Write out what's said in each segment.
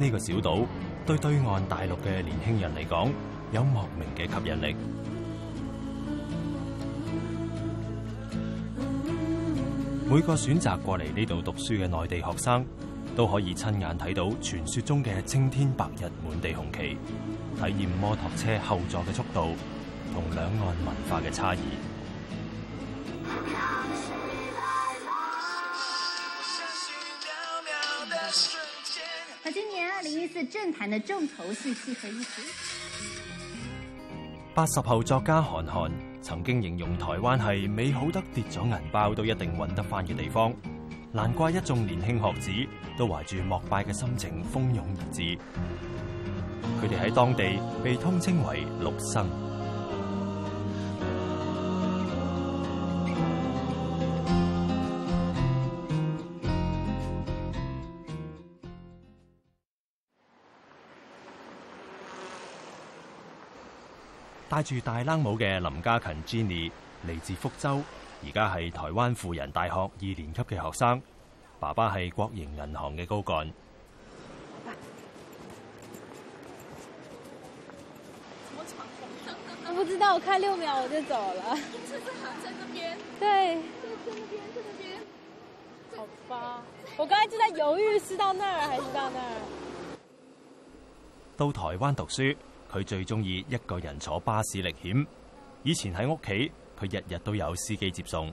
呢個小島對對岸大陸嘅年輕人嚟講，有莫名嘅吸引力。每個選擇過嚟呢度讀書嘅內地學生，都可以親眼睇到傳說中嘅青天白日滿地紅旗，體驗摩托車後座嘅速度同兩岸文化嘅差異。政壇的重頭戲係，八十後作家韓寒曾經形容台灣係美好得跌咗銀包都一定搵得返嘅地方，難怪一眾年輕學子都懷住膜拜嘅心情蜂擁而至。佢哋喺當地被通稱為陸生。帶住大冷帽嘅林家勤 Jenny 嚟自福州，而家係台灣輔仁大學二年級嘅學生，爸爸係國營銀行嘅高幹。我不知道，我開六秒我就走了。車子好在那邊。對。好吧，我剛才就在猶豫是到那兒還是到那兒。到台灣讀書。佢最鍾意一個人坐巴士歷險。以前喺屋企，佢日日都有司機接送。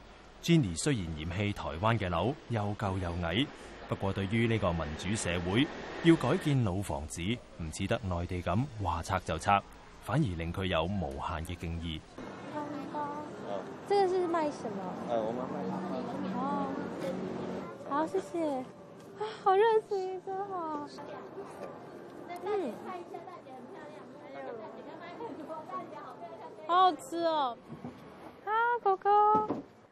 Jenny 雖然嫌棄台灣嘅樓又舊又矮，不過對於呢個民主社會要改建老房子，唔似得內地咁話拆就拆，反而令佢有無限嘅敬意。哥哥，啊，這是賣什麼？誒、啊，我賣賣。哦，好，謝謝。啊，好熱情，真好。大姐好漂亮。好、嗯、好好吃哦！好、啊！哥哥。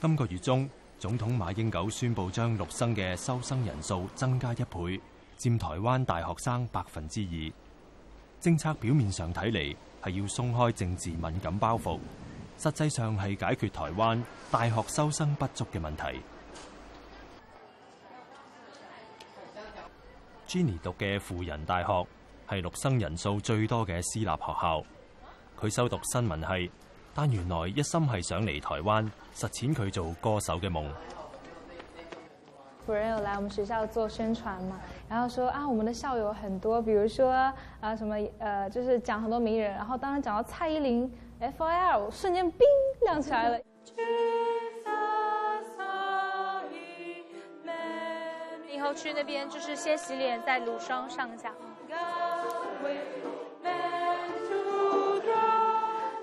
今個月中，總統馬英九宣布將陸生嘅收生人數增加一倍，占台灣大學生百分之二。政策表面上睇嚟係要鬆開政治敏感包袱，實際上係解決台灣大學收生不足嘅問題。Jenny、嗯嗯嗯、讀嘅輔仁大學係陸生人數最多嘅私立學校，佢修讀新聞係。但原來一心係想嚟台灣實踐佢做歌手嘅夢。輔仁有來我們學校做宣傳嘛？然後說啊，我們的校友很多，比如說啊，什麼，呃，就是講很多名人。然後當然講到蔡依林，FIL，瞬間冰亮起來了。 以後去那邊就是先洗臉，再乳霜上下。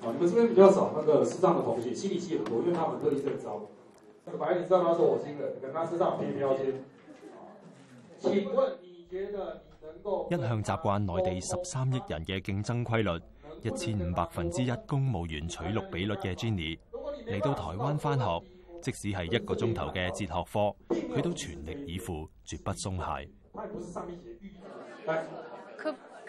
啊！你們這邊比較少那個時的同學，七里七里，因為他們刻意這招。那個白你知道，他是我新人，可你，我請問你覺得你能夠一向習慣內地十三億人嘅競爭規律，一千五百分之一公務員取錄比率嘅 Jenny 嚟到台灣返學，即使係一個鐘頭嘅哲學課，佢都全力以赴，絕不鬆懈。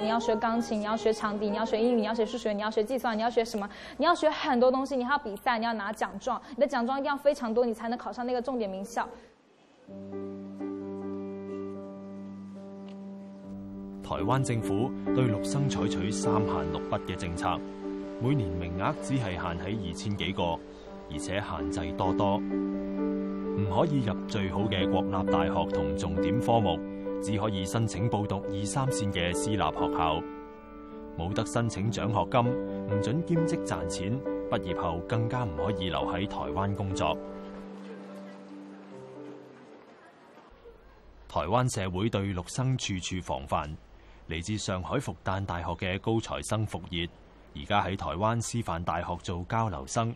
你要學鋼琴，你要學長笛，你要學英語，你要學數學，你要學計算，你要學什麼？你要學很多東西，你還要比賽，你要拿獎狀。你的獎狀一定要非常多，你才能考上那個重點名校。台灣政府對陸生採取，取三限六不嘅政策，每年名額只係限喺二千幾個，而且限制多多，唔可以入最好嘅國立大學同重點科目。只可以申請報讀二三線嘅私立學校，冇得申請獎學金，唔准兼職賺錢。畢業後更加唔可以留喺台灣工作。台灣社會對陸生處處防範。嚟自上海復旦大學嘅高材生復業，而家喺台灣師範大學做交流生。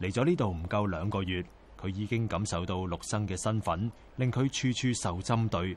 嚟咗呢度唔夠兩個月，佢已經感受到陸生嘅身份令佢處處受針對。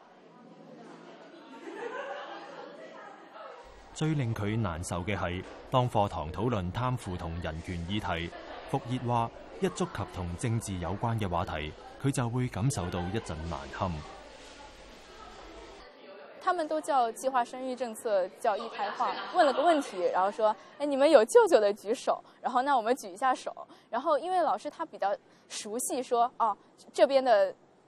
最令佢難受嘅係，當課堂討論貪腐同人權議題，復業話，一觸及同政治有關嘅話題，佢就會感受到一陣難堪。他們都叫計劃生育政策叫一胎化，問了個問題，然後說：，誒，你們有舅舅的舉手，然後呢，那我們舉一下手。然後，因為老師他比較熟悉，說：，哦，這邊的。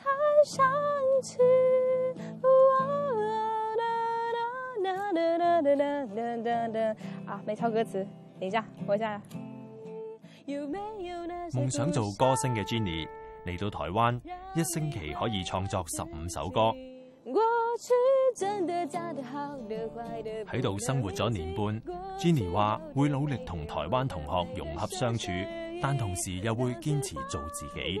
太想去。啊，啊，沒抄歌詞，等一下，我一下，啊。夢想做歌星嘅 Jenny 嚟到台灣，一星期可以創作十五首歌。喺度生活咗年半，Jenny 話會努力同台灣同學融合相處，也但同時又會堅持做自己。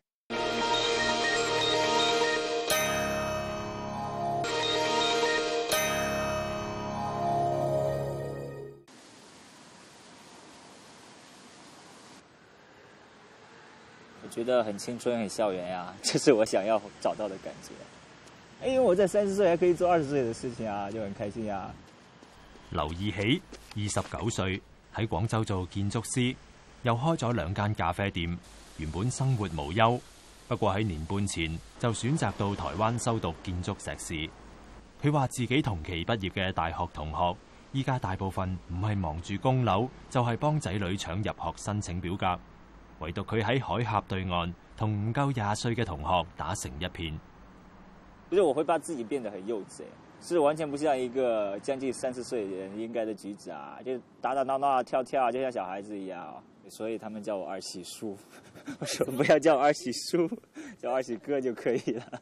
覺得很青春、很校園呀，啊，這，就是我想要找到的感覺。因為我在三十歲還可以做二十歲的事情啊，就很開心呀，啊。劉義喜，二十九歲喺廣州做建築師，又開咗兩間咖啡店，原本生活無憂。不過喺年半前就選擇到台灣修讀建築碩士。佢話自己同期畢業嘅大學同學，依家大部分唔係忙住供樓，就係、是、幫仔女搶入學申請表格。唯獨佢喺海峽對岸，同唔夠廿歲嘅同學打成一片。就是我會把自己變得很幼稚，就是完全不像一個將近三十歲人應該的舉止啊，就打打鬧鬧跳跳就像小孩子一樣。所以他們叫我二喜叔，我說不要叫我二喜叔，叫我二喜哥就可以了。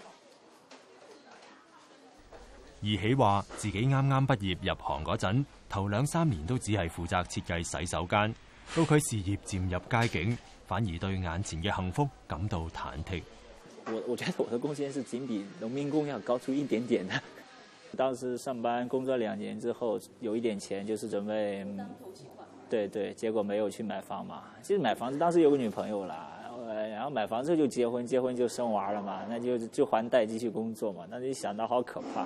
二喜話：自己啱啱畢業入行嗰陣，頭兩三年都只係負責設計洗手間。到佢事業漸入佳境，反而對眼前嘅幸福感到忐忑。我我覺得我的貢獻是僅比農民工要高出一點點的。 當時上班工作兩年之後，有一點錢，就是準備，對，對對，結果沒有去買房嘛。其實買房子當時有個女朋友啦，然後買房子就結婚，結婚就生娃了嘛，那就就還貸繼續工作嘛。那你想到好可怕。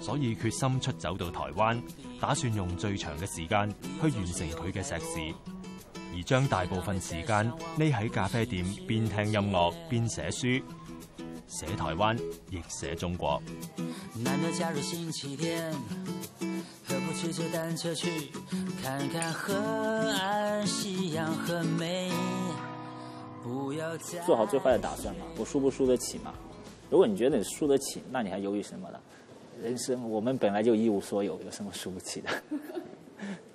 所以決心出走到台灣，打算用最長的時間去完成佢嘅碩士，而將大部分時間匿喺咖啡店，邊聽音樂邊寫書，寫台灣亦寫中國。難得假如星期天，何不騎著單車去看看河岸夕陽和美？做好最壞的打算嘛，我輸不輸得起嘛？如果你覺得你輸得起，那你還猶豫什麼呢？人生，我們本來就一無所有，有什麼輸不起的？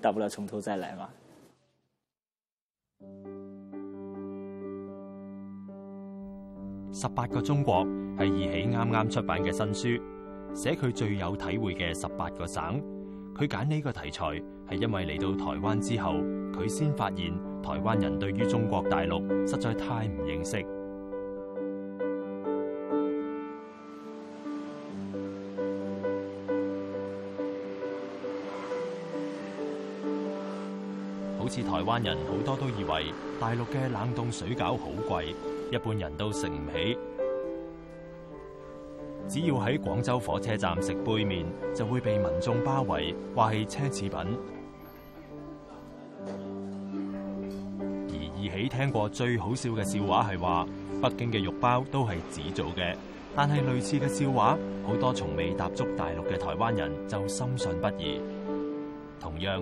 大不了從頭再來嘛。十八個中國係二喜啱啱出版嘅新書，寫佢最有體會嘅十八個省。佢揀呢個題材，係因為嚟到台灣之後，佢先發現台灣人對於中國大陸實在太唔認識。好似台灣人好多都以為大陸嘅冷凍水餃好貴，一般人都食唔起。只要喺廣州火車站食杯麵，就會被民眾包圍，話係奢侈品。而二喜聽過最好笑嘅笑話係話，北京嘅肉包都係紙做嘅。但係類似嘅笑話，好多從未踏足大陸嘅台灣人就深信不疑。同樣。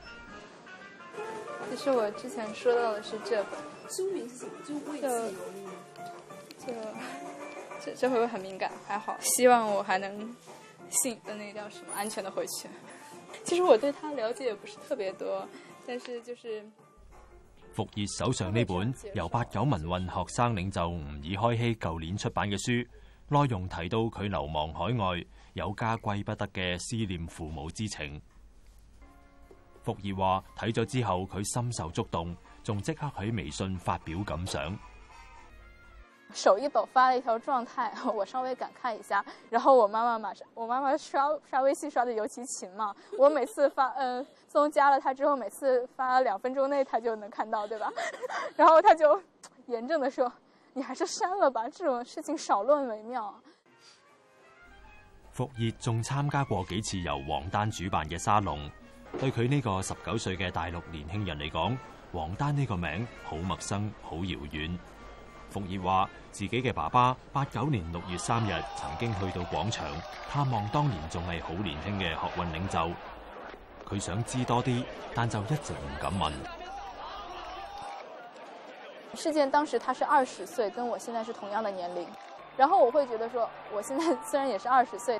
其實我之前說到的是這本書名是就這這，這，這，這會不會很敏感？還好，希望我還能信，呃，那叫什麼？安全的回去。其實我對他了解也不是特別多，但是就是。服熱手上呢本由八九民運學生領袖吾爾開希舊年出版嘅書，內容提到佢流亡海外、有家歸不得嘅思念父母之情。福爾話睇咗之後，佢深受觸動，仲即刻喺微信發表感想。手一抖，發了一條狀態，我稍微感慨一下。然後我媽媽馬上，我媽媽刷刷微信刷得尤其勤嘛。我每次發，嗯、呃，自從加了她之後，每次發兩分鐘內她就能看到，對吧？然後她就嚴正的說：你還是刪了吧，這種事情少論為妙，啊。福爾仲參加過幾次由王丹主辦嘅沙龍。對佢呢個十九歲嘅大陸年輕人嚟講，王丹呢個名好陌生、好遙遠。馮燁話：自己嘅爸爸八九年六月三日曾經去到廣場探望當年仲係好年輕嘅學運領袖，佢想知多啲，但就一直唔敢問。事件當時他是二十歲，跟我現在是同樣的年齡，然後我會覺得說，我現在雖然也是二十歲。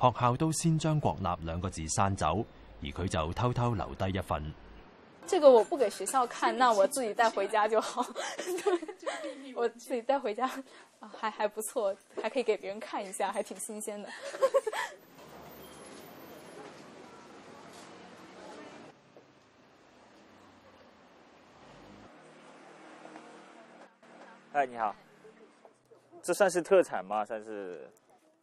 學校都先將國立兩個字刪走，而佢就偷偷留低一份。這個我不給學校看，那我自己帶回家就好。 我自己帶回家還還不錯，還可以給別人看一下，還挺新鮮的。哎， 你好，這算是特產嗎？算是。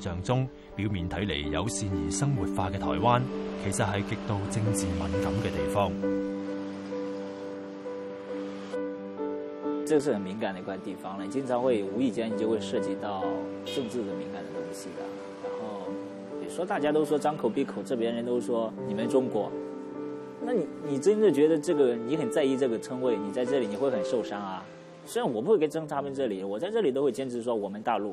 象中表面睇嚟友善而生活化嘅台灣，其實係極度政治敏感嘅地方。這是很敏感的一塊地方啦，你經常會無意間你就會涉及到政治嘅敏感嘅東西的。然後，你說大家都說張口閉口，這邊人都說你們中國，那你你真的覺得這個你很在意這個稱謂，你在這裏你會很受傷啊。雖然我不會跟爭他們這裏，我在這裏都會堅持說我們大陸。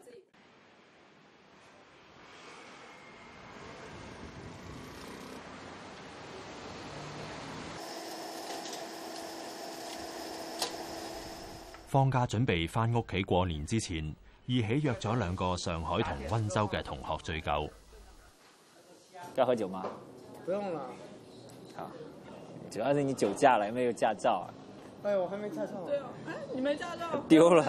放假準備翻屋企過年之前，二喜約咗兩個上海同温州嘅同學聚舊。要喝酒嗎？不用了。好，主要是你酒駕啦，有沒有駕照。哎我還沒駕照。對哦，哎、你沒駕照。丟了。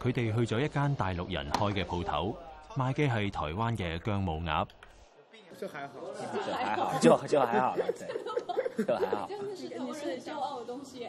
佢、啊、哋、啊、去咗一間大陸人開嘅鋪頭，賣嘅係台灣嘅姜母鴨就。就還好，就還好， 就就還好了，就還好。真 的是令人驕傲的東西。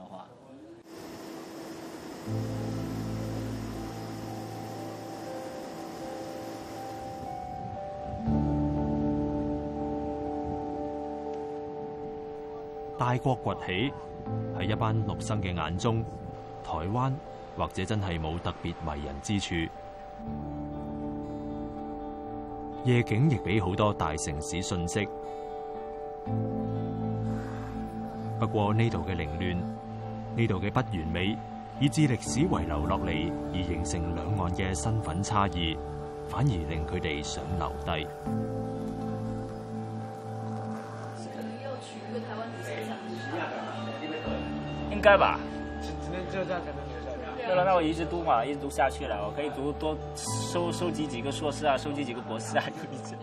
大國崛起，喺一班陸生嘅眼中，台灣或者真係冇特別迷人之處。夜景亦比好多大城市遜色。不過呢度嘅凌亂，呢度嘅不完美。以致歷史遺留落嚟而形成兩岸嘅身份差異，反而令佢哋想留低。應該吧？只只能這樣才能留下嚟。對啦，那我一直讀嘛，一直讀下去啦，我可以讀多收收集幾個碩士啊，收集幾個博士啊，就一直。